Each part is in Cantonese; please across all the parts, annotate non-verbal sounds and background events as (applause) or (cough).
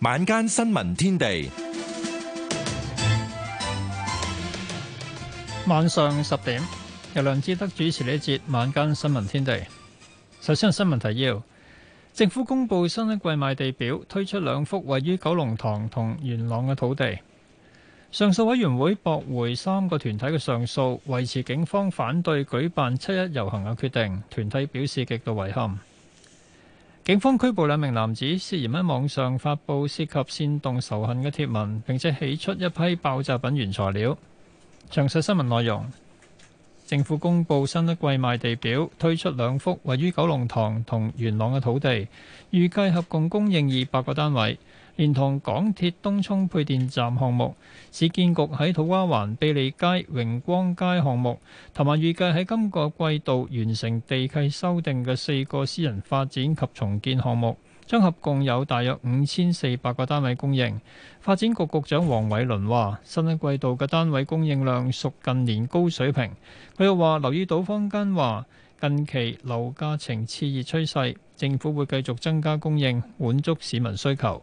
晚間新聞天地，晚上十點由梁志德主持呢一節晚間新聞天地。首先係新聞提要：政府公布新一季賣地表，推出兩幅位於九龍塘同元朗嘅土地。上訴委員會駁回三個團體嘅上訴，維持警方反對舉辦七一遊行嘅決定。團體表示極度遺憾。警方拘捕兩名男子，涉嫌喺網上發布涉及煽動仇恨嘅帖文，並且起出一批爆炸品原材料。詳細新聞內容。政府公布新一季賣地表，推出兩幅位於九龍塘同元朗嘅土地，預計合共供應二百個單位。連同港鐵東涌配電站項目，市建局喺土瓜灣、卑利街、榮光街項目，同埋預計喺今個季度完成地契修訂嘅四個私人發展及重建項目，將合共有大約五千四百個單位供應。發展局局長黃偉倫話，新一季度嘅單位供應量屬近年高水平。佢又話，留意到坊間話近期樓價呈熾熱趨勢，政府會繼續增加供應，滿足市民需求。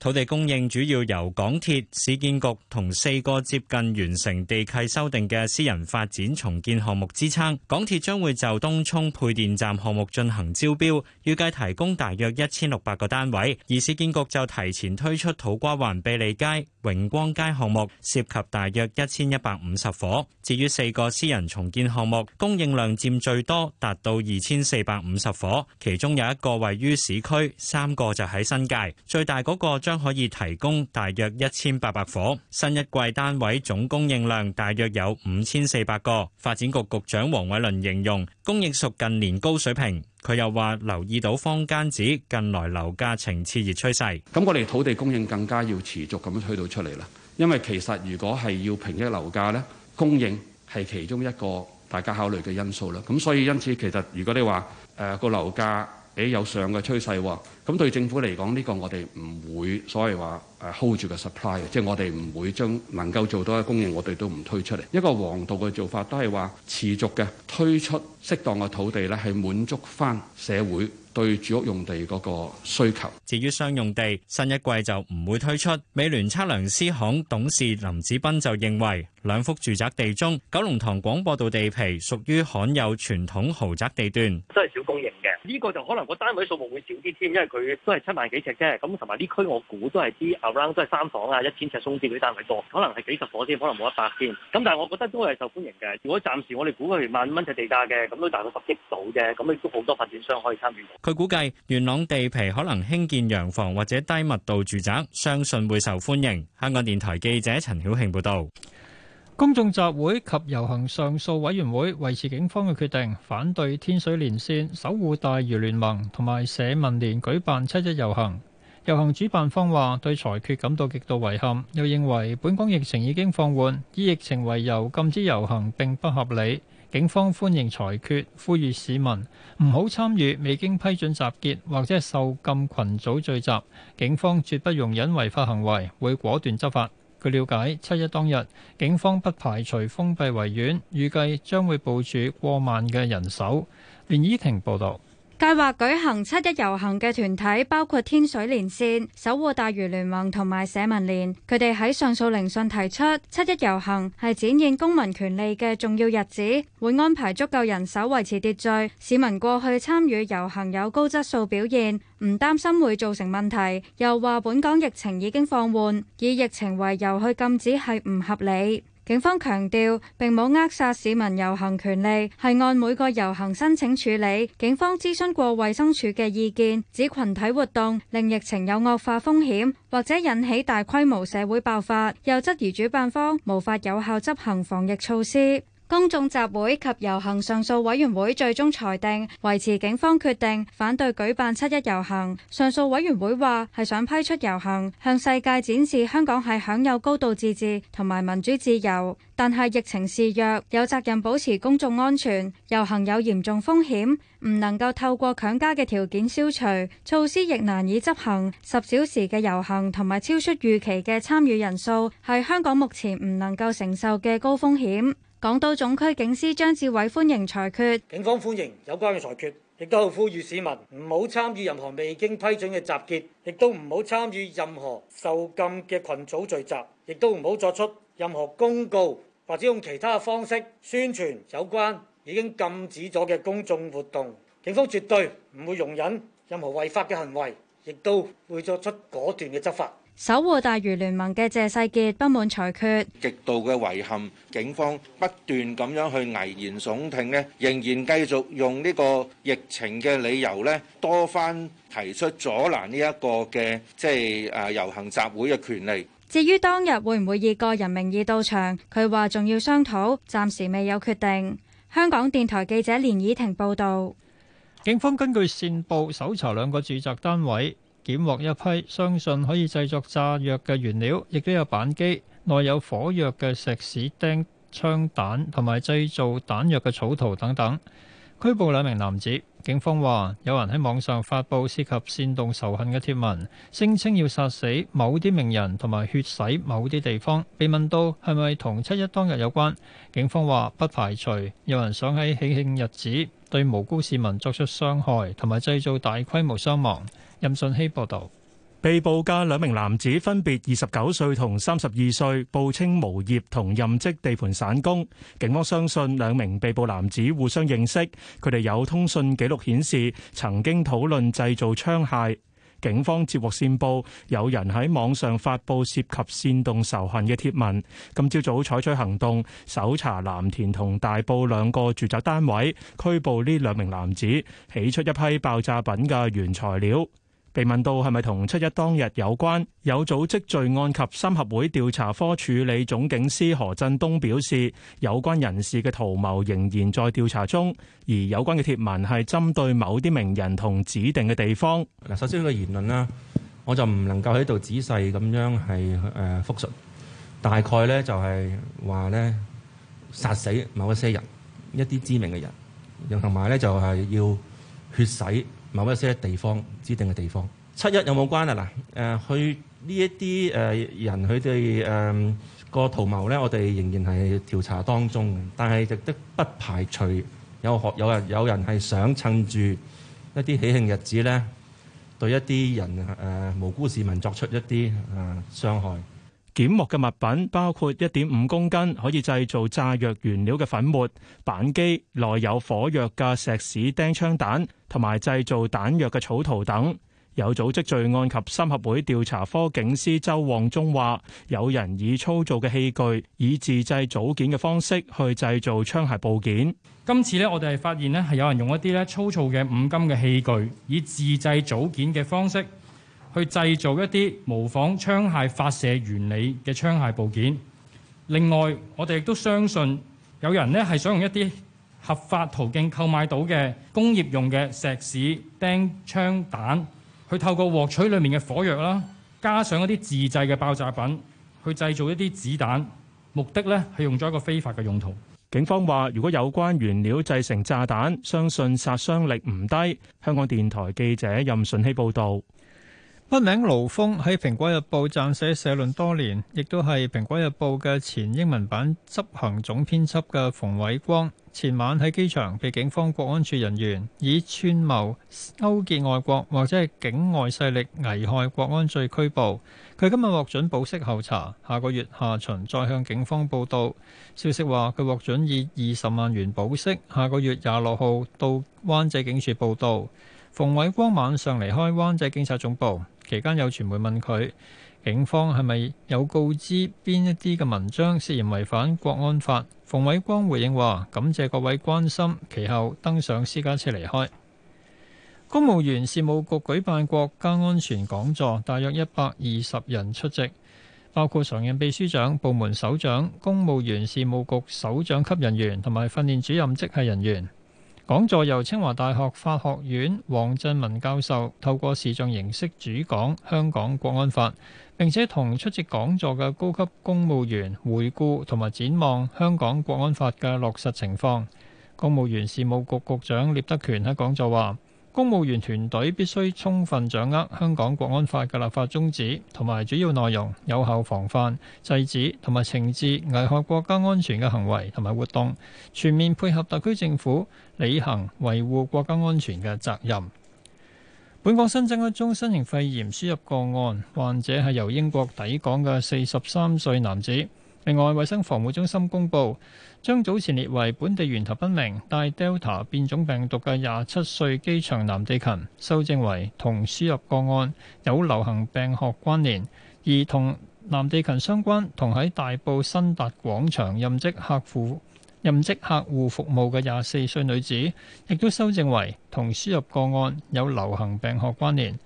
土地供應主要由港鐵、市建局同四個接近完成地契修訂嘅私人發展重建項目支撐，港鐵將會就東涌配電站項目進行招標，預計提供大約一千六百個單位。而市建局就提前推出土瓜灣庇利街。榮光街項目涉及大約一千一百五十伙，至於四個私人重建項目，供應量佔最多，達到二千四百五十伙，其中有一個位於市區，三個就喺新界，最大嗰個將可以提供大約一千八百伙。新一季單位總供應量大約有五千四百個。發展局局長黃偉綸形容，供應屬近年高水平。佢又話留意到坊間指近來樓價呈熾熱趨勢，咁我哋土地供應更加要持續咁樣推到出嚟啦。因為其實如果係要平抑樓價咧，供應係其中一個大家考慮嘅因素啦。咁所以因此其實如果你話誒個樓價，誒、哎、有上嘅趨勢喎，咁、嗯、對政府嚟講，呢、這個我哋唔會所謂，所以話誒 hold 住個 supply，即係我哋唔會將能夠做到嘅供應，我哋都唔推出嚟。一個王道嘅做法都係話持續嘅推出適當嘅土地呢，係滿足返社會對住屋用地嗰個需求。至於商用地，新一季就唔會推出。美聯測量師行董事林子斌就認為。兩幅住宅地中，九龍塘廣播道地皮屬於罕有傳統豪宅地段，都係少供應嘅。呢個就可能個單位數目會少啲添，因為佢都係七萬幾尺啫。咁同埋呢區，我估都係啲 around 都係三房啊，一千尺鬆啲嘅單位多，可能係幾十夥先，可能冇一百添。咁但係我覺得都係受歡迎嘅。如果暫時我哋估佢萬五蚊尺地價嘅，咁都大概十億到啫。咁亦都好多發展商可以參與。佢估計元朗地皮可能興建洋房或者低密度住宅，相信會受歡迎。香港電台記者陳曉慶報導。公眾集會及遊行上訴委員會維持警方嘅決定，反對天水連線、守護大嶼聯盟同埋社民連舉辦七一遊行。遊行主辦方話對裁決感到極度遺憾，又認為本港疫情已經放緩，以疫情為由禁止遊行並不合理。警方歡迎裁決，呼籲市民唔好參與未經批准集結或者受禁群組聚集。警方絕不容忍違法行為，會果斷執法。據了解，七一當日警方不排除封閉圍院，預計將會部署過萬嘅人手。連依婷報道。計劃舉行七一遊行嘅團體包括天水連線、守護大嶼聯盟同埋社民聯。佢哋喺上訴聆訊提出，七一遊行係展現公民權利嘅重要日子，會安排足夠人手維持秩序。市民過去參與遊行有高質素表現，唔擔心會造成問題。又話本港疫情已經放緩，以疫情為由去禁止係唔合理。警方強調並冇扼殺市民遊行權利，係按每個遊行申請處理。警方諮詢過衛生署嘅意見，指群體活動令疫情有惡化風險，或者引起大規模社會爆發，又質疑主辦方無法有效執行防疫措施。公眾集會及遊行上訴委員會最終裁定維持警方決定，反對舉辦七一遊行。上訴委員會話係想批出遊行，向世界展示香港係享有高度自治同埋民主自由。但係疫情肆虐，有責任保持公眾安全。遊行有嚴重風險，唔能夠透過強加嘅條件消除措施，亦難以執行十小時嘅遊行同埋超出預期嘅參與人數，係香港目前唔能夠承受嘅高風險。港島總區警司張志偉歡迎裁決，警方歡迎有關嘅裁決，亦都呼籲市民唔好參與任何未經批准嘅集結，亦都唔好參與任何受禁嘅群組聚集，亦都唔好作出任何公告或者用其他方式宣傳有關已經禁止咗嘅公眾活動。警方絕對唔會容忍任何違法嘅行為，亦都會作出果斷嘅執法。守護大嶼聯盟嘅謝世傑不滿裁決，極度嘅遺憾，警方不斷咁樣去危言聳聽呢，仍然繼續用呢個疫情嘅理由呢多番提出阻攔呢一個嘅即係誒遊行集會嘅權利。至於當日會唔會以個人名義到場，佢話仲要商討，暫時未有決定。香港電台記者連綺婷報道，警方根據線報搜查兩個住宅單位。檢獲一批相信可以製作炸藥嘅原料，亦都有扳機內有火藥嘅石屎釘槍彈，同埋製造彈藥嘅草圖等等。拘捕兩名男子，警方話有人喺網上發布涉及煽動仇恨嘅貼文，聲稱要殺死某啲名人同埋血洗某啲地方。被問到係咪同七一當日有關，警方話不排除有人想喺喜慶日子對無辜市民作出傷害，同埋製造大規模傷亡。任信希報道，被捕嘅兩名男子分別二十九歲同三十二歲，報稱無業同任職地盤散工。警方相信兩名被捕男子互相認識，佢哋有通訊記錄顯示曾經討論製造槍械。警方接獲線報，有人喺網上發布涉及煽動仇恨嘅貼文。今朝早採取行動，搜查藍田同大埔兩個住宅單位，拘捕呢兩名男子，起出一批爆炸品嘅原材料。被問到係咪同七一當日有關，有組織罪案及三合會調查科處理總警司何振東表示，有關人士嘅圖謀仍然在調查中，而有關嘅貼文係針對某啲名人同指定嘅地方。嗱，首先呢、呢個言論啦，我就唔能夠喺度仔細咁樣係誒復述，大概呢就係、係、話呢，殺死某一些人，一啲知名嘅人，同埋呢就係、係、要血洗。某一些地方，指定嘅地方，七一有冇關啊？嗱、呃，誒，去呢一啲誒人佢哋誒個圖謀咧，我哋仍然係調查當中，但係亦都不排除有學有，有人有人係想趁住一啲喜慶日子咧，對一啲人誒、呃、無辜市民作出一啲誒、呃、傷害。檢獲嘅物品包括一點五公斤可以製造炸藥原料嘅粉末、板機，內有火藥嘅石屎釘槍彈。同埋製造彈藥嘅草圖等，有組織罪案及三合會調查科警司周旺忠話：有人以粗糙嘅器具，以自製組件嘅方式去製造槍械部件。今次呢，我哋係發現呢係有人用一啲咧粗糙嘅五金嘅器具，以自製組件嘅方式去製造一啲模仿槍械發射原理嘅槍械部件。另外，我哋亦都相信有人呢係想用一啲合法途徑購買到嘅工業用嘅石屎、釘槍彈，去透過獲取裡面嘅火藥啦，加上一啲自製嘅爆炸品，去製造一啲子彈，目的呢，係用咗一個非法嘅用途。警方話，如果有關原料製成炸彈，相信殺傷力唔低。香港電台記者任順希報導。筆名盧峰喺《蘋果日報》撰寫社論多年，亦都係《蘋果日報》嘅前英文版執行總編輯嘅馮偉光，前晚喺機場被警方國安處人員以串謀勾結外國或者係境外勢力危害國安罪拘捕，佢今日獲准保釋候查，下個月下旬再向警方報到。消息話佢獲准以二十萬元保釋，下個月廿六號到灣仔警署報到。馮偉光晚上離開灣仔警察總部期間，有傳媒問佢警方係咪有告知邊一啲嘅文章涉嫌違反國安法？馮偉光回應話：感謝各位關心，其後登上私家車離開。公務員事務局舉辦國家安全講座，大約一百二十人出席，包括常任秘書長、部門首長、公務員事務局首長級人員同埋訓練主任職系人員。講座由清華大學法學院黃振文教授透過視像形式主講香港國安法，並且同出席講座嘅高級公務員回顧同埋展望香港國安法嘅落實情況。公務員事務局局長聶德權喺講座話。公務員團隊必須充分掌握香港國安法嘅立法宗旨同埋主要內容，有效防範、制止同埋懲治危害國家安全嘅行為同埋活動，全面配合特區政府履行維護國家安全嘅責任。本港新增一宗新型肺炎輸入個案，患者係由英國抵港嘅四十三歲男子。另外，衛生防護中心公布將早前列為本地源頭不明帶 Delta 變種病毒嘅廿七歲機場男地勤修正為同輸入個案有流行病學關聯，而同男地勤相關同喺大埔新達廣場任職客戶任職客戶服務嘅廿四歲女子亦都修正為同輸入個案有流行病學關聯。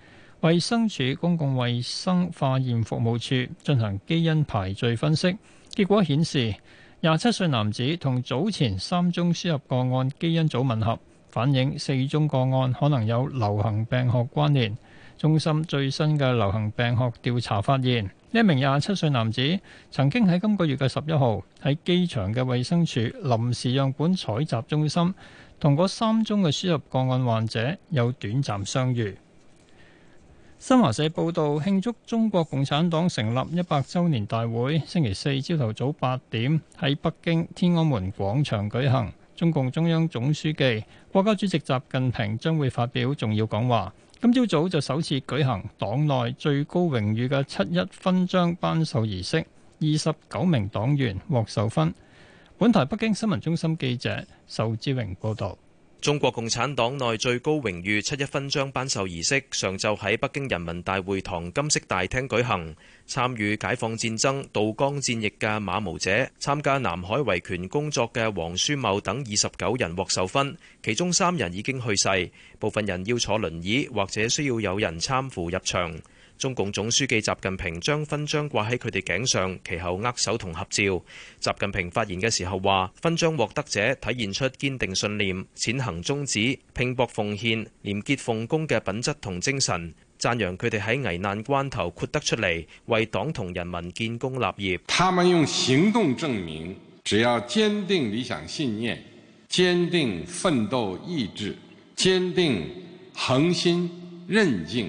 衛生署公共衛生化驗服務處進行基因排序分析。結果顯示，廿七歲男子同早前三宗輸入個案基因組吻合，反映四宗個案可能有流行病學關聯。中心最新嘅流行病學調查發現，一名廿七歲男子曾經喺今個月嘅十一號喺機場嘅衛生署臨時樣本採集中心同嗰三宗嘅輸入個案患者有短暫相遇。新華社報道，慶祝中國共產黨成立一百周年大會星期四朝頭早八點喺北京天安門廣場舉行。中共中央總書記、國家主席習近平將會發表重要講話。今朝早，早就首次舉行黨內最高榮譽嘅七一勳章頒授儀式，二十九名黨員獲授勳。本台北京新聞中心記者壽志榮報道。中國共產黨內最高榮譽七一勳章頒授儀式上晝喺北京人民大會堂金色大廳舉行，參與解放戰爭渡江戰役嘅馬毛姐、參加南海維權工作嘅王書茂等二十九人獲授勳，其中三人已經去世，部分人要坐輪椅或者需要有人攙扶入場。中共總書記習近平將勳章掛喺佢哋頸上，其後握手同合照。習近平發言嘅時候話：勳章獲得者體現出堅定信念、踐行宗旨、拼搏奉獻、廉潔奉公嘅品質同精神，讚揚佢哋喺危難關頭豁得出嚟，為黨同人民建功立業。他們用行動證明，只要堅定理想信念、堅定奮鬥意志、堅定恆心韌勁。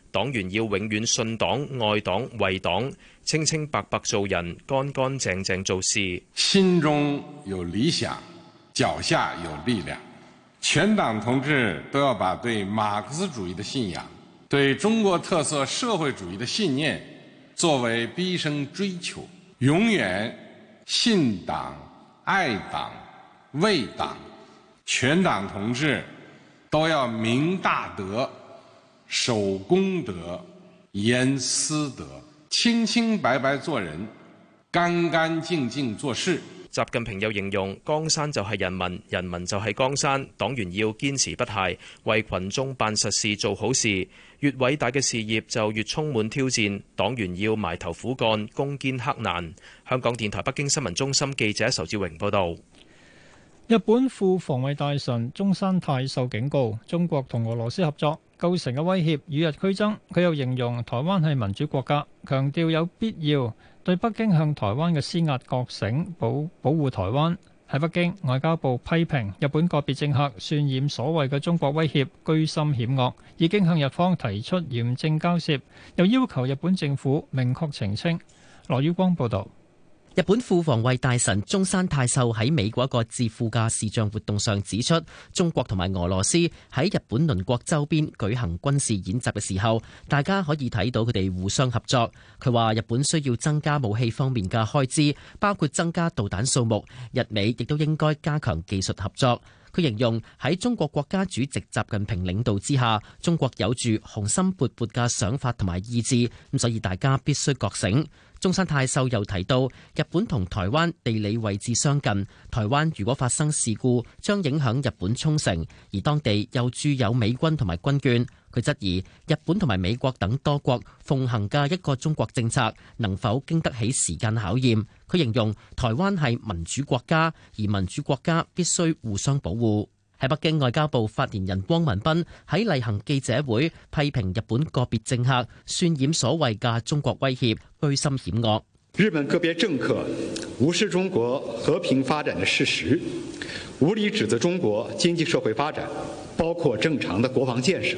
黨員要永遠信黨、愛黨、為黨，清清白白做人，乾乾淨淨做事。心中有理想，腳下有力量。全黨同志都要把對馬克思主義的信仰、對中國特色社會主義的信念作為畢生追求，永遠信黨、愛黨、為黨，全黨同志都要明大德，守公德，嚴私德，清清白白做人，乾乾淨淨做事。習近平又形容，江山就係人民，人民就係江山。黨員要堅持不懈，為群眾辦實事做好事。越偉大嘅事業就越充滿挑戰，黨員要埋頭苦幹，攻堅克難。香港電台北京新聞中心記者仇志榮報道。日本副防衛大臣中山泰受警告，中國同俄羅斯合作構成嘅威脅與日俱增。佢又形容台灣係民主國家，強調有必要對北京向台灣嘅施壓覺醒，保保護台灣。喺北京外交部批評日本個別政客渲染所謂嘅中國威脅居心險惡，已經向日方提出嚴正交涉，又要求日本政府明確澄清。羅宇光報道。日本副防衛大臣中山泰秀喺美國一個智庫嘅視像活動上指出，中國同埋俄羅斯喺日本鄰國周邊舉行軍事演習嘅時候，大家可以睇到佢哋互相合作。佢話日本需要增加武器方面嘅開支，包括增加導彈數目，日美亦都應該加強技術合作。佢形容喺中國國家主席習近平領導之下，中國有住雄心勃勃嘅想法同埋意志，咁所以大家必須覺醒。中山泰秀又提到，日本同台灣地理位置相近，台灣如果發生事故，將影響日本沖繩，而當地又駐有美軍同埋軍眷。佢質疑日本同埋美國等多國奉行嘅一個中國政策能否經得起時間考驗？佢形容台灣係民主國家，而民主國家必須互相保護。喺北京，外交部發言人汪文斌喺例行記者會批評日本個別政客渲染所謂嘅中國威脅，居心險惡。日本個別政客無視中國和平發展嘅事實，無理指責中國經濟社會發展，包括正常的國防建設。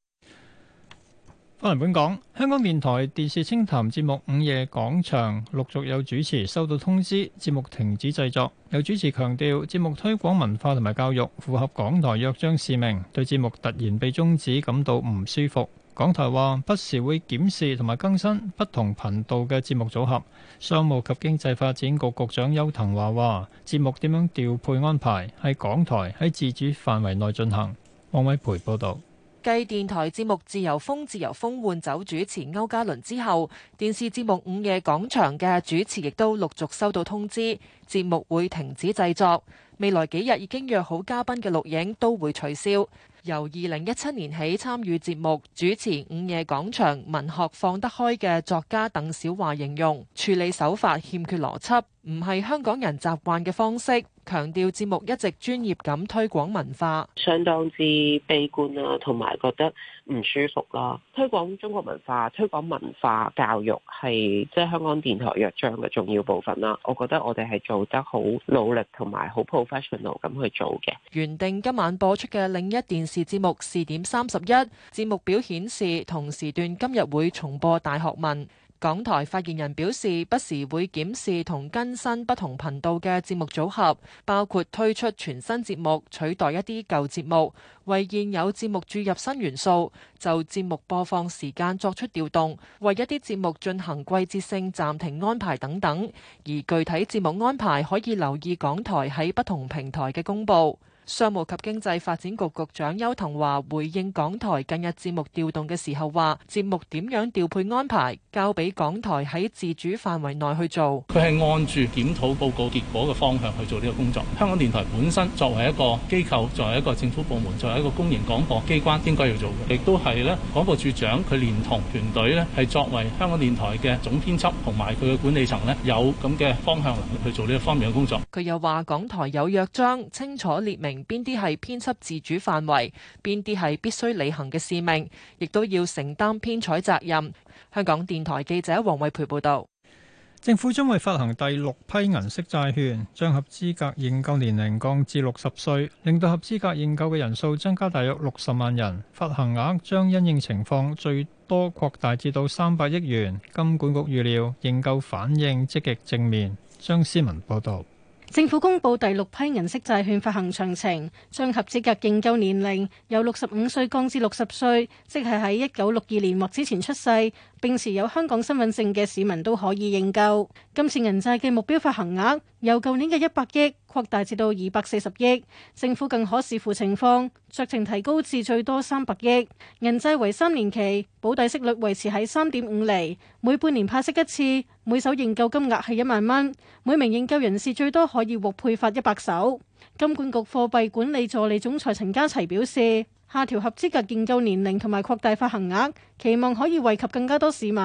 翻嚟本港，香港電台電視清談節目《午夜廣場》陸續有主持收到通知，節目停止製作。有主持強調節目推廣文化同埋教育，符合港台約章使命。市民對節目突然被終止感到唔舒服。港台話不時會檢視同埋更新不同頻道嘅節目組合。商務及經濟發展局局長邱騰華話節目點樣調配安排，係港台喺自主範圍內進行。王偉培報道。繼電台節目自《自由風》《自由風》換走主持歐嘉倫之後，電視節目《午夜廣場》嘅主持亦都陸續收到通知，節目會停止製作。未來幾日已經約好嘉賓嘅錄影都會取消。由二零一七年起參與節目主持《午夜廣場》文學放得開嘅作家鄧小華形容，處理手法欠缺邏輯，唔係香港人習慣嘅方式。強調節目一直專業咁推廣文化，相當之悲觀啦，同埋覺得唔舒服啦。推廣中國文化、推廣文化教育係即係香港電台約章嘅重要部分啦。我覺得我哋係做得好努力同埋好 professional 咁去做嘅。原定今晚播出嘅另一電視節目《視點三十一》，節目表顯示同時段今日會重播《大學問》。港台發言人表示，不時會檢視同更新不同頻道嘅節目組合，包括推出全新節目取代一啲舊節目，為現有節目注入新元素，就節目播放時間作出調動，為一啲節目進行季節性暫停安排等等。而具體節目安排可以留意港台喺不同平台嘅公布。商務及經濟發展局局長邱騰華回應港台近日節目調動嘅時候話：節目點樣調配安排，交俾港台喺自主範圍內去做。佢係按住檢討報告結果嘅方向去做呢個工作。香港電台本身作為一個機構，作為一個政府部門，作為一個公營廣播機關，應該要做嘅，亦都係咧廣播處長佢連同團隊咧係作為香港電台嘅總編輯同埋佢嘅管理層咧有咁嘅方向能力去做呢個方面嘅工作。佢又話港台有約章，清楚列明。邊啲係編輯自主範圍，邊啲係必須履行嘅使命，亦都要承擔編採責任。香港電台記者黃偉培報導。政府將會發行第六批銀色債券，將合資格認購年齡降至六十歲，令到合資格認購嘅人數增加大約六十萬人。發行額將因應情況最多擴大至到三百億元。金管局預料認購反應積極正面。張思文報導。政府公布第六批銀色債券發行詳情，將合資格認購年齡由六十五歲降至六十歲，即係喺一九六二年或之前出世。並持有香港身份證嘅市民都可以認購。今次銀債嘅目標發行額由舊年嘅一百億擴大至到二百四十億，政府更可視乎情況酌情提高至最多三百億。銀債為三年期，保底息率維持喺三點五厘，每半年派息一次，每手認購金額係一萬蚊，每名認購人士最多可以獲配發一百手。金管局貨幣管理助理總裁陳家齊表示。下調合資格認購年齡同埋擴大發行額，期望可以惠及更加多市民。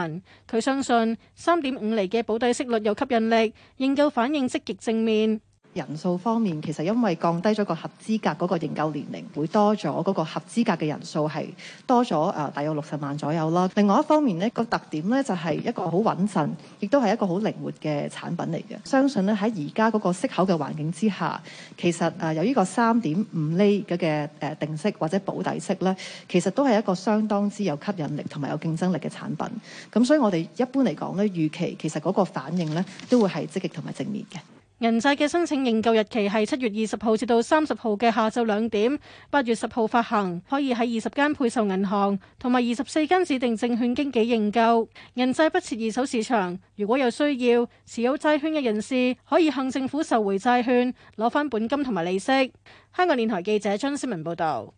佢相信三點五厘嘅保底息率有吸引力，認購反應積極正面。人數方面，其實因為降低咗個合資格嗰、那個認購年齡會多咗嗰、那個合資格嘅人數係多咗誒、呃，大約六十萬左右啦。另外一方面咧，那個特點咧就係、是、一個好穩陣，亦都係一個好靈活嘅產品嚟嘅。相信咧喺而家嗰個息口嘅環境之下，其實誒、呃、有呢個三點五厘嘅誒定息或者保底息咧，其實都係一個相當之有吸引力同埋有競爭力嘅產品。咁所以我哋一般嚟講咧，預期其實嗰個反應咧都會係積極同埋正面嘅。銀債嘅申請認購日期係七月二十號至到三十號嘅下晝兩點，八月十號發行，可以喺二十間配售銀行同埋二十四間指定證券經紀認購。銀債不設二手市場，如果有需要持有債券嘅人士可以向政府受回債券，攞翻本金同埋利息。香港電台記者張思文報道。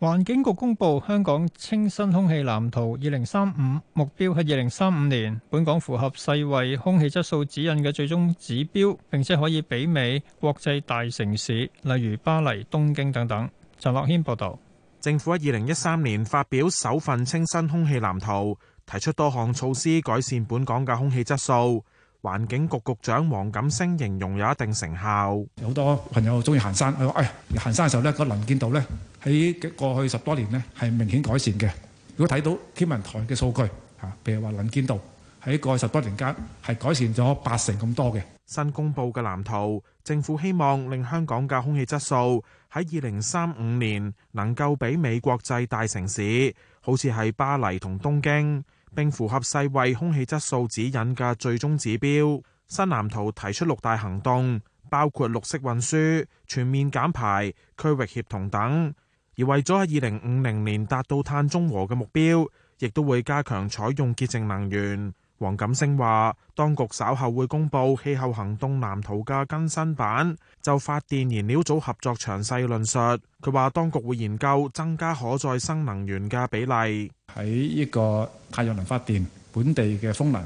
環境局公布香港清新空氣藍圖，二零三五目標係二零三五年，本港符合世衛空氣質素指引嘅最終指標，並且可以媲美國際大城市，例如巴黎、東京等等。陳樂軒報道，政府喺二零一三年發表首份清新空氣藍圖，提出多項措施改善本港嘅空氣質素。環境局局長黃錦星形容有一定成效，有好多朋友中意行山，佢話誒行山嘅時候呢，個能見度呢喺過去十多年呢係明顯改善嘅。如果睇到天文台嘅數據吓，譬如話能見度喺過去十多年間係改善咗八成咁多嘅。新公布嘅藍圖，政府希望令香港嘅空氣質素喺二零三五年能夠媲美國際大城市，好似係巴黎同東京。並符合世衛空氣質素指引嘅最終指標。新藍圖提出六大行動，包括綠色運輸、全面減排、區域協同等。而為咗喺二零五零年達到碳中和嘅目標，亦都會加強採用潔淨能源。黃錦星話：當局稍後會公布氣候行動藍圖嘅更新版，就發電燃料組合作詳細論述。佢話當局會研究增加可再生能源嘅比例，喺呢個太陽能發電、本地嘅風能，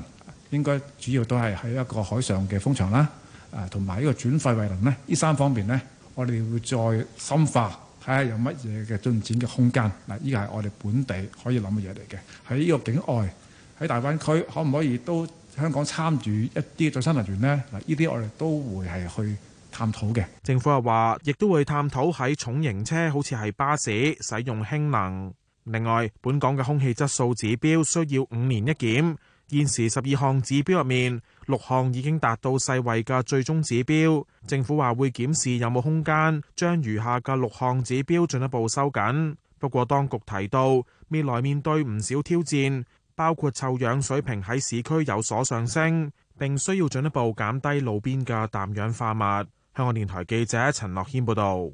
應該主要都係喺一個海上嘅風場啦。啊，同埋呢個轉廢為能咧，呢三方面呢，我哋會再深化，睇下有乜嘢嘅進展嘅空間。嗱，呢個係我哋本地可以諗嘅嘢嚟嘅，喺呢個境外。喺大灣區可唔可以都香港參與一啲再生能源呢？嗱，呢啲我哋都會係去探討嘅。政府又話，亦都會探討喺重型車，好似係巴士使用氫能。另外，本港嘅空氣質素指標需要五年一檢，現時十二項指標入面六項已經達到世衛嘅最終指標。政府話會檢視有冇空間將餘下嘅六項指標進一步收緊。不過，當局提到未來面對唔少挑戰。包括臭氧水平喺市區有所上升，並需要進一步減低路邊嘅氮氧化物。香港電台記者陳樂謙報道。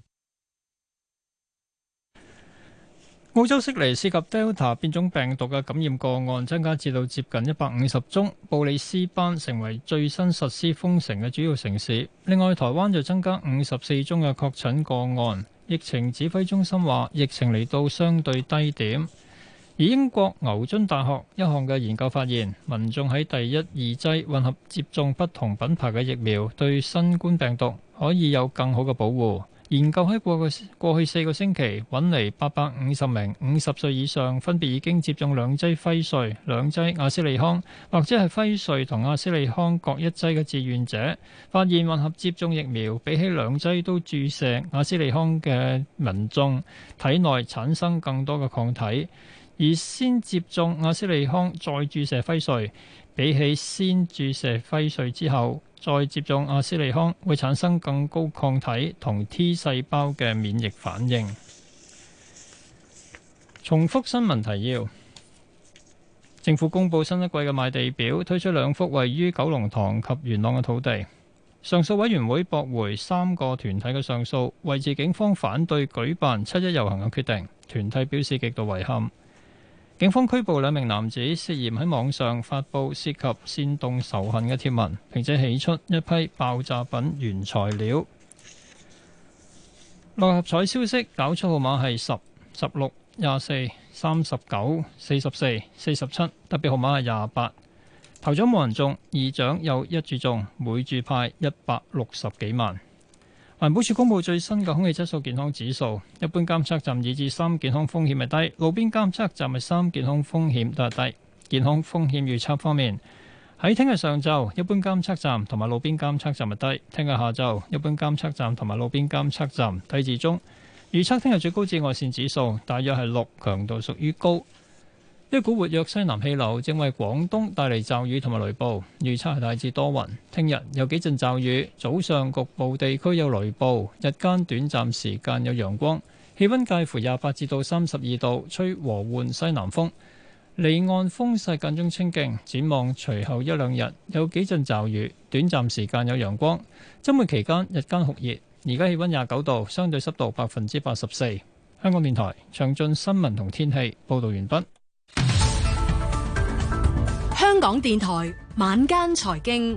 澳洲悉尼涉及 Delta 變種病毒嘅感染個案增加至到接近一百五十宗，布里斯班成為最新實施封城嘅主要城市。另外，台灣就增加五十四宗嘅確診個案。疫情指揮中心話，疫情嚟到相對低點。而英國牛津大學一項嘅研究發現，民眾喺第一二劑混合接種不同品牌嘅疫苗，對新冠病毒可以有更好嘅保護。研究喺過個過去四個星期搵嚟八百五十名五十歲以上，分別已經接種兩劑輝瑞、兩劑阿斯利康或者係輝瑞同阿斯利康各一劑嘅志願者，發現混合接種疫苗比起兩劑都注射阿斯利康嘅民眾，體內產生更多嘅抗體。而先接種阿斯利康，再注射輝瑞，比起先注射輝瑞之後再接種阿斯利康，會產生更高抗體同 T 細胞嘅免疫反應。重複新聞提要：政府公布新一季嘅賣地表，推出兩幅位於九龍塘及元朗嘅土地。上訴委員會駁回三個團體嘅上訴，維持警方反對舉辦七一遊行嘅決定。團體表示極度遺憾。警方拘捕兩名男子，涉嫌喺網上發佈涉及煽動仇恨嘅貼文，並且起出一批爆炸品原材料。六合彩消息，搞出號碼係十、十六、廿四、三十九、四十四、四十七，特別號碼係廿八。頭獎冇人中，二獎有一注中，每注派一百六十幾萬。環保署公布最新嘅空氣質素健康指數，一般監測站二至三健康風險係低，路邊監測站係三健康風險都係低。健康風險預測方面，喺聽日上晝，一般監測站同埋路邊監測站係低；聽日下晝，一般監測站同埋路邊監測站低至中。預測聽日最高紫外線指數大約係六，強度屬於高。一股活躍西南氣流正為廣東帶嚟驟雨同埋雷暴，預測係大致多雲，聽日有幾陣驟雨，早上局部地區有雷暴，日間短暫時間有陽光，氣温介乎廿八至到三十二度，吹和緩西南風，離岸風勢間中清勁，展望隨後一兩日有幾陣驟雨，短暫時間有陽光。周末期間日間酷熱，而家氣温廿九度，相對濕度百分之八十四。香港電台詳盡新聞同天氣報道完畢。香港電台晚間財經，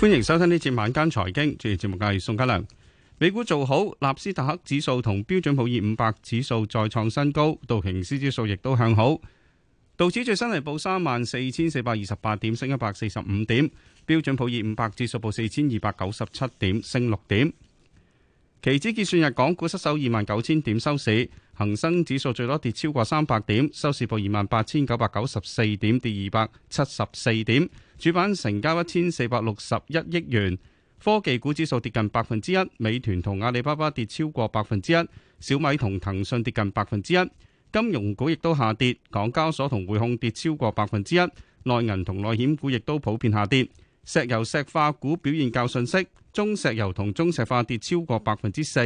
歡迎收聽呢次晚間財經。主持節目嘅係宋家良。美股做好，納斯達克指數同標準普爾五百指數再創新高，道瓊斯指數亦都向好。道指最新係報三萬四千四百二十八點，升一百四十五點；標準普爾五百指數報四千二百九十七點，升六點。期指結算日，港股失守二萬九千點收市，恒生指數最多跌超過三百點，收市報二萬八千九百九十四點，跌二百七十四點。主板成交一千四百六十一億元，科技股指數跌近百分之一，美團同阿里巴巴跌超過百分之一，小米同騰訊跌近百分之一。金融股亦都下跌，港交所同匯控跌超過百分之一，內銀同內險股亦都普遍下跌。石油石化股表現較遜色，中石油同中石化跌超過百分之四，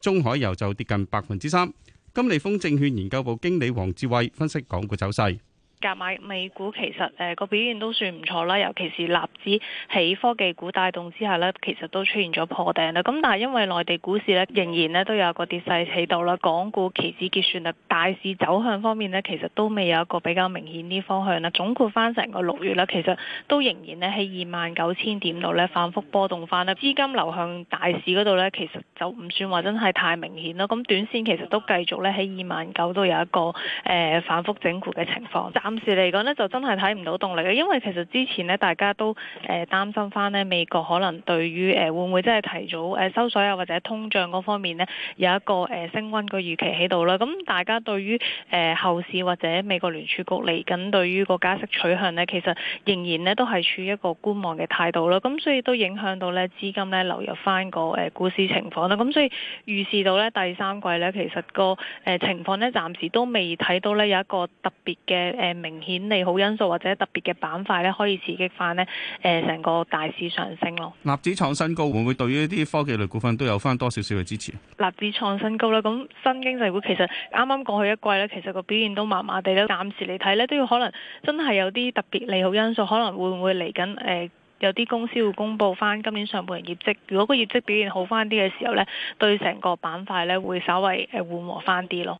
中海油就跌近百分之三。金利豐證券研究部經理黃志偉分析港股走勢。夾買美股其實誒、呃、個表現都算唔錯啦，尤其是納指喺科技股帶動之下呢，其實都出現咗破頂啦。咁但係因為內地股市呢，仍然呢都有個跌勢起度啦，港股期指結算啊，大市走向方面呢，其實都未有一個比較明顯啲方向啦。總括翻成個六月呢，其實都仍然呢喺二萬九千點度呢，反覆波動翻啦。資金流向大市嗰度呢，其實就唔算話真係太明顯啦。咁、嗯、短線其實都繼續呢，喺二萬九都有一個誒、呃、反覆整固嘅情況。時嚟講呢，就真係睇唔到動力嘅，因為其實之前呢，大家都誒、呃、擔心翻呢美國可能對於誒、呃、會唔會真係提早誒收水啊，或者通脹嗰方面呢，有一個誒、呃、升溫個預期喺度啦。咁大家對於誒、呃、後市或者美國聯儲局嚟緊對於個加息取向呢，其實仍然呢都係處於一個觀望嘅態度啦。咁所以都影響到呢資金呢流入翻、那個誒股市情況啦。咁所以預示到呢第三季呢，其實、那個誒、呃、情況呢暫時都未睇到呢有一個特別嘅誒、呃明顯利好因素或者特別嘅板塊咧，可以刺激翻咧誒成個大市上升咯。納指創新高，會唔會對於啲科技類股份都有翻多少少嘅支持？納指創新高咧，咁新經濟股其實啱啱過去一季咧，其實個表現都麻麻地咧。暫時嚟睇咧，都要可能真係有啲特別利好因素，可能會唔會嚟緊誒有啲公司會公布翻今年上半年業績？如果個業績表現好翻啲嘅時候咧，對成個板塊咧會稍微誒緩和翻啲咯。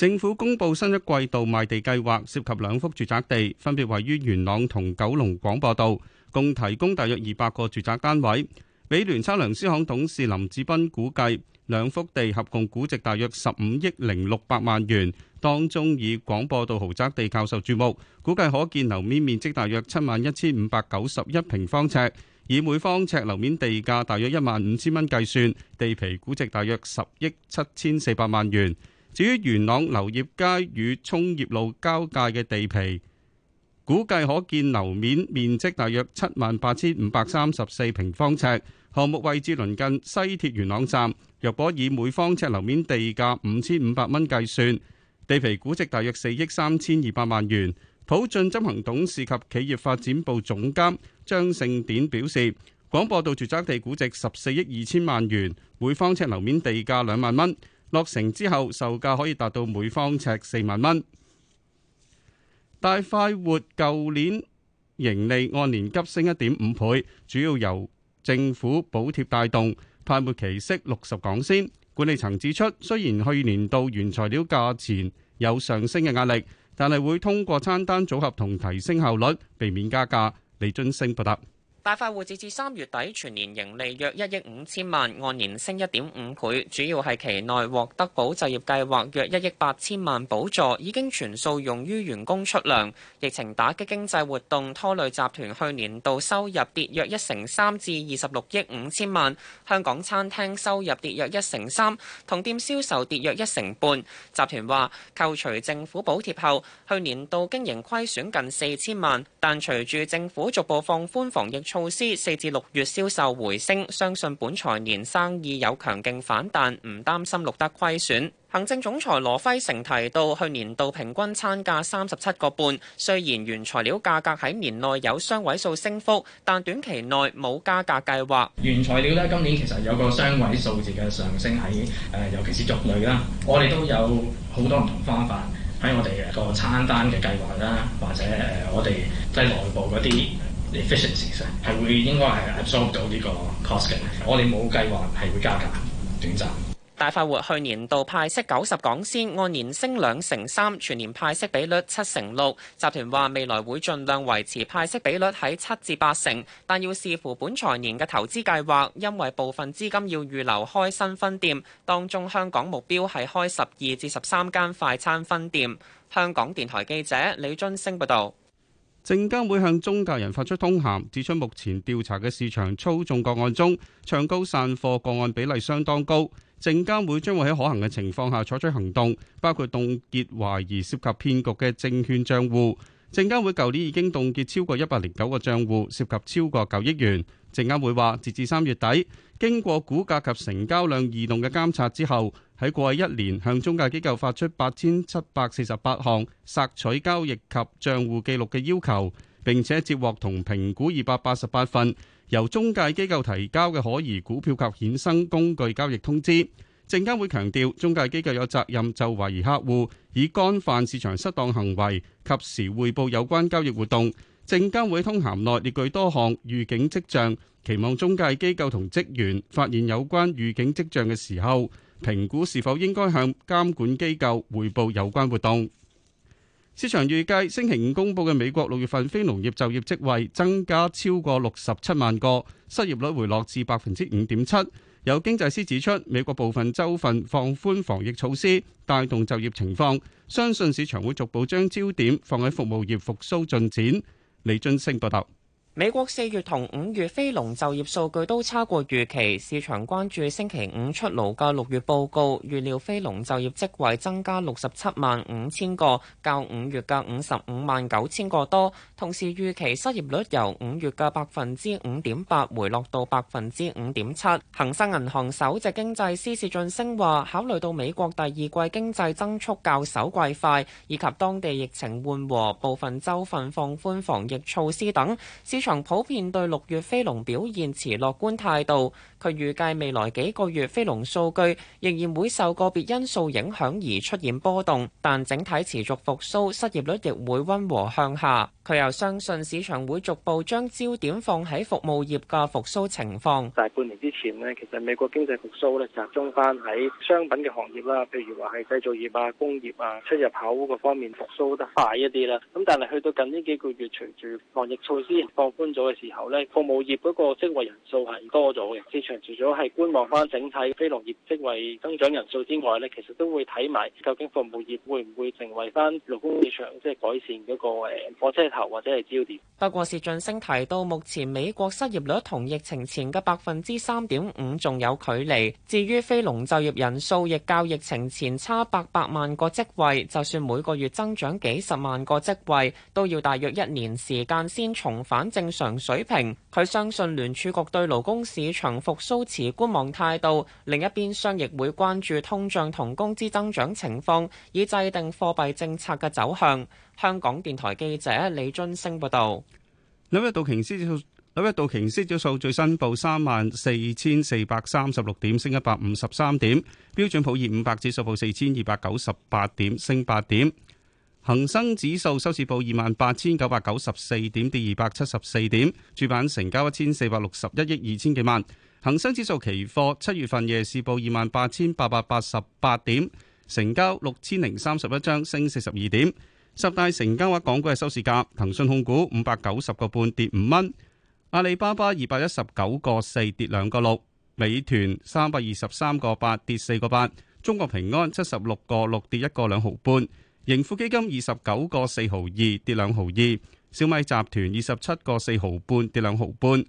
政府公布新一季度賣地計劃，涉及兩幅住宅地，分別位於元朗同九龍廣播道，共提供大約二百個住宅單位。美聯測量師行董事林志斌估計，兩幅地合共估值大約十五億零六百萬元，當中以廣播道豪宅地較受注目，估計可建樓面面積大約七萬一千五百九十一平方尺，以每方尺樓面地價大約一萬五千蚊計算，地皮估值大約十億七千四百萬元。至於元朗流業街與涌業路交界嘅地皮，估計可建樓面面積大約七萬八千五百三十四平方尺，項目位置鄰近西鐵元朗站。若果以每方尺樓面地價五千五百蚊計算，地皮估值大約四億三千二百萬元。普進執行董事及企業發展部總監張勝典表示，廣播道住宅地估值十四億二千萬元，每方尺樓面地價兩萬蚊。落成之後，售價可以達到每方呎四萬蚊。大快活舊年盈利按年急升一點五倍，主要由政府補貼帶動。派末期息六十港仙。管理層指出，雖然去年度原材料價錢有上升嘅壓力，但係會通過餐單組合同提升效率，避免加價。李津升報道。大快活截至三月底全年盈利約一億五千萬，按年升一點五倍。主要係期內獲得保就業計劃約一億八千萬補助，已經全數用於員工出糧。疫情打擊經濟活動拖累集團去年度收入跌約一成三至二十六億五千萬。香港餐廳收入跌約一成三，同店銷售跌約一成半。集團話扣除政府補貼後，去年度經營虧損近四千萬，但隨住政府逐步放寬防疫。措施四至六月銷售回升，相信本財年生意有強勁反彈，唔擔心錄得虧損。行政總裁羅輝成提到，去年度平均餐價三十七個半，雖然原材料價格喺年內有雙位數升幅，但短期內冇加價計劃。原材料咧今年其實有個雙位數字嘅上升喺誒，尤其是肉類啦，我哋都有好多唔同方法喺我哋個餐單嘅計劃啦，或者誒我哋即係內部嗰啲 efficiencies 啊，係會應該係 absorb 到呢個 cost 嘅。我哋冇計劃係會加價短暫。大快活去年度派息九十港仙，按年升兩成三，全年派息比率七成六。集團話未來會盡量維持派息比率喺七至八成，但要視乎本財年嘅投資計劃，因為部分資金要預留開新分店。當中香港目標係開十二至十三間快餐分店。香港電台記者李津升報道。證監會向中介人發出通函，指出目前調查嘅市場操縱個案中，唱高散貨個案比例相當高。證監會將會喺可行嘅情況下採取行動，包括凍結懷疑涉及騙局嘅證券賬戶。證監會舊年已經凍結超過一百零九個賬戶，涉及超過九億元。證監會話，截至三月底，經過股價及成交量異動嘅監察之後，喺過去一年向中介機構發出八千七百四十八項索取交易及賬戶記錄嘅要求，並且接獲同評估二百八十八份由中介機構提交嘅可疑股票及衍生工具交易通知。證監會強調，中介機構有責任就懷疑客戶以干犯市場失當行為，及時匯報有關交易活動。證監會通函內列舉多項預警跡象，期望中介機構同職員發現有關預警跡象嘅時候，評估是否應該向監管機構匯報有關活動。市場預計星期五公佈嘅美國六月份非農業就業職位增加超過六十七萬個，失業率回落至百分之五點七。有經濟師指出，美國部分州份放寬防疫措施，帶動就業情況，相信市場會逐步將焦點放喺服務業復甦進展。李俊升報道。美國四月同五月非農就業數據都差過預期，市場關注星期五出爐嘅六月報告，預料非農就業職位增加六十七萬五千個，較五月嘅五十五萬九千個多，同時預期失業率由五月嘅百分之五點八回落到百分之五點七。恒生銀行首席經濟師薛俊昇話：考慮到美國第二季經濟增速較首季快，以及當地疫情緩和、部分州份放寬防疫措施等，市場曾普遍對六月非農表現持樂觀態度。佢預計未來幾個月非農數據仍然會受個別因素影響而出現波動，但整體持續復甦，失業率亦會溫和向下。佢又相信市場會逐步將焦點放喺服務業嘅復甦情況。大半年之前呢，其實美國經濟復甦呢集中翻喺商品嘅行業啦，譬如話係製造業啊、工業啊、出入口嗰方面復甦得快一啲啦。咁但係去到近呢幾個月，隨住防疫措施搬咗嘅時候咧，服務業嗰個職位人數係多咗嘅。市場除咗係觀望翻整體非農業職位增長人數之外咧，其實都會睇埋究竟服務業會唔會成為翻勞工市場即係改善嗰個誒火車頭或者係焦點。不過，薛俊升提到，目前美國失業率同疫情前嘅百分之三點五仲有距離，至於非農就業人數亦較疫情前差八百萬個職位。就算每個月增長幾十萬個職位，都要大約一年時間先重返。正常水平，佢相信聯儲局對勞工市場復甦持觀望態度。另一邊，商亦會關注通脹同工資增長情況，以制定貨幣政策嘅走向。香港電台記者李津升報道：紐約道瓊斯指數、紐約道瓊斯指數最新報三萬四千四百三十六點，升一百五十三點；標準普爾五百指數報四千二百九十八點，升八點。恆生指數收市報二萬八千九百九十四點，跌二百七十四點。主板成交一千四百六十一億二千幾萬。恆生指數期貨七月份夜市報二萬八千八百八十八點，成交六千零三十一張，升四十二點。十大成交額港股嘅收市價：騰訊控股五百九十個半跌五蚊，阿里巴巴二百一十九個四跌兩個六，美團三百二十三個八跌四個八，中國平安七十六個六跌一個兩毫半。盈富基金二十九個四毫二跌兩毫二，小米集團二十七個四毫半跌兩毫半，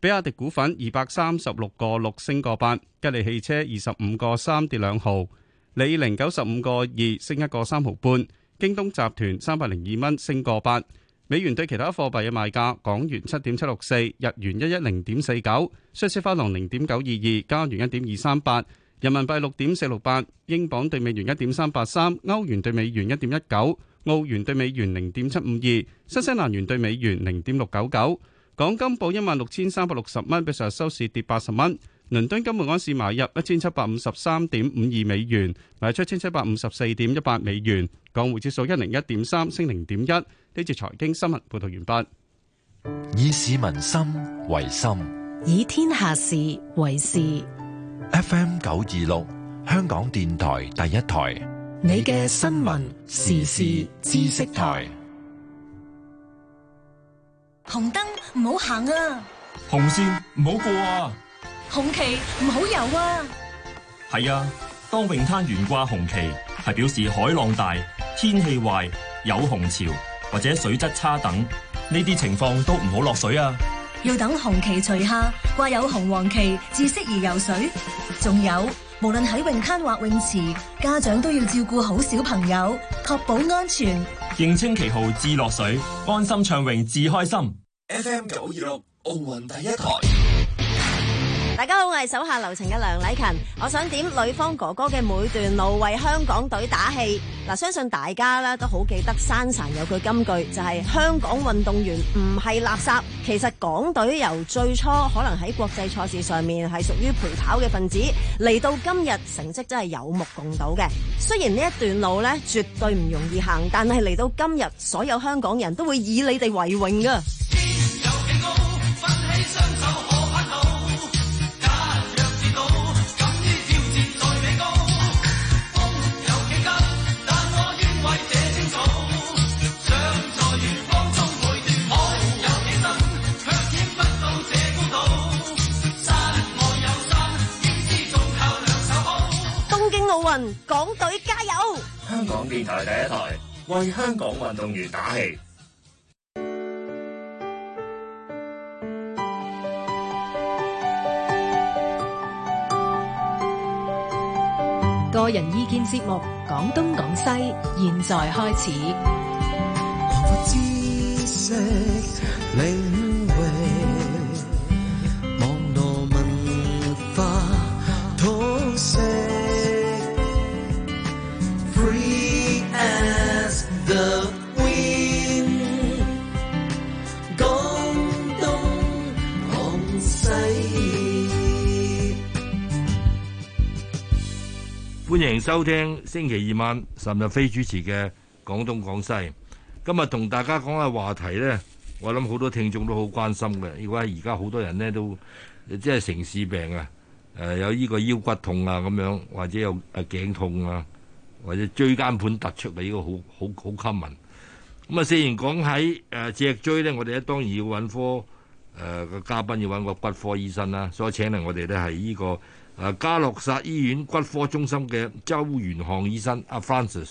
比亞迪股份二百三十六個六升個八，吉利汽車二十五個三跌兩毫，李寧九十五個二升一個三毫半，京東集團三百零二蚊升個八，美元兌其他貨幣嘅賣價，港元七點七六四，日元一一零點四九，瑞士法郎零點九二二，加元一點二三八。人民幣六點四六八，英鎊兌美元一點三八三，歐元兌美元一點一九，澳元兌美元零點七五二，新西蘭元兌美元零點六九九。港金報一萬六千三百六十蚊，比上日收市跌八十蚊。倫敦金每盎司買入一千七百五十三點五二美元，賣出一千七百五十四點一八美元。港匯指數一零一點三，升零點一。呢節財經新聞報道完畢。以市民心為心，以天下事為事。FM 九二六香港電台第一台，你嘅新聞時事知識台。紅燈唔好行啊，紅線唔好過啊，紅旗唔好游啊。係啊，當泳灘懸掛紅旗，係表示海浪大、天氣壞、有紅潮或者水質差等呢啲情況，都唔好落水啊。要等紅旗除下，掛有紅黃旗至適宜游水。仲有，無論喺泳灘或泳池，家長都要照顧好小朋友，確保安全。認清旗號至落水，安心暢泳至開心。FM 九二六，奧運第一台。大家好，我係手下留情嘅梁禮勤。我想點女方哥哥嘅每段路為香港隊打氣。嗱，相信大家咧都好記得山殘有句金句，就係香港運動員唔係垃圾。其實港隊由最初可能喺國際賽事上面係屬於陪跑嘅分子，嚟到今日成績真係有目共睹嘅。雖然呢一段路咧絕對唔容易行，但係嚟到今日，所有香港人都會以你哋為榮噶。港隊加油！香港電台第一台為香港運動員打氣。個人意見節目《講東講西》，現在開始。收聽星期二晚岑日飛主持嘅廣東廣西，今日同大家講嘅話題呢，我諗好多聽眾都好關心嘅。如果而家好多人呢，都即係城市病啊，誒、呃、有呢個腰骨痛啊咁樣，或者有誒頸痛啊，或者椎間盤突出嘅呢，這個好好好 common。咁、嗯、啊，雖然講喺誒脊椎呢，我哋呢當然要搵科誒嘅，呃、嘉賓要搵個骨科醫生啦，所以請嚟我哋呢係呢，這個。啊，加洛薩醫院骨科中心嘅周元航醫生，阿 Francis，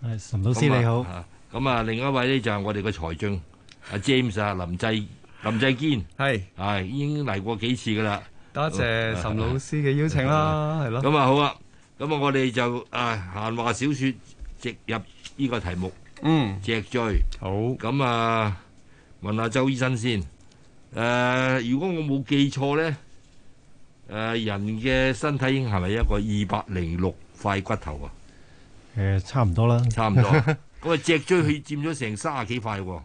係，岑老師那你好。咁啊，另一位咧就係我哋嘅財政阿 James 啊，林濟林濟堅，係是，係、啊，已經嚟過幾次噶啦。多謝岑老師嘅邀請啦，係咯、啊。咁啊 (laughs) 好啊，咁啊我哋就啊閒話少說，直入呢個題目。嗯，脊椎。好。咁啊，問下周醫生先。誒、啊，如果我冇記錯咧。誒人嘅身體已經係咪一個二百零六塊骨頭啊？誒、呃，差唔多啦， (laughs) 呃、差唔多。嗰 (laughs) 個脊椎佢佔咗成三十幾塊喎、啊。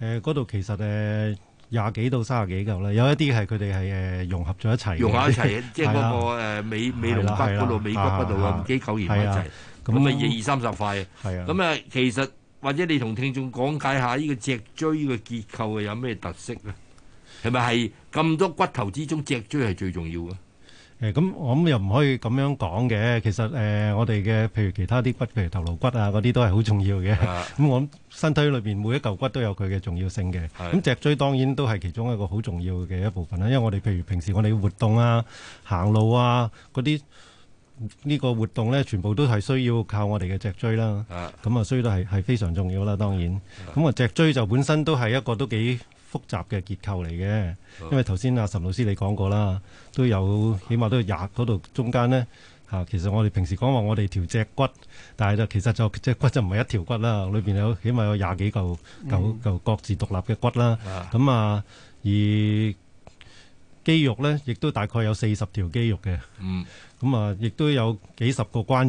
嗰度、呃、其實誒廿幾到三十幾嚿啦，有一啲係佢哋係誒融合咗一齊，融合一齊，一即係嗰、嗰個尾尾龍骨嗰度尾骨度嘅幾嚿連埋一齊，咁啊二三十塊。係啊，咁、呃、啊，其實或者你同聽眾講解下呢、呢個脊椎嘅結構有咩特色咧？係咪係咁多骨頭之中，脊椎係最重要嘅？誒、嗯，咁我諗又唔可以咁樣講嘅。其實誒、呃，我哋嘅，譬如其他啲骨，譬如頭顱骨啊，嗰啲都係好重要嘅。咁、啊嗯、我身體裏邊每一嚿骨都有佢嘅重要性嘅。咁、啊、脊椎當然都係其中一個好重要嘅一部分啦。因為我哋譬如平時我哋活動啊、行路啊嗰啲，呢個活動咧，全部都係需要靠我哋嘅脊椎啦。咁啊、嗯，所以都係係非常重要啦。當然，咁啊，脊椎就本身都係一個都幾。複雜嘅結構嚟嘅，因為頭先阿岑老師你講過啦，都有起碼都有廿度中間咧嚇。其實我哋平時講話我哋條脊骨，但係就其實就脊骨就唔係一條骨啦，裏邊有起碼有廿幾嚿嚿舊各自獨立嘅骨啦。咁啊，而肌肉咧，亦都大概有四十條肌肉嘅。嗯，咁啊，亦都有幾十個關。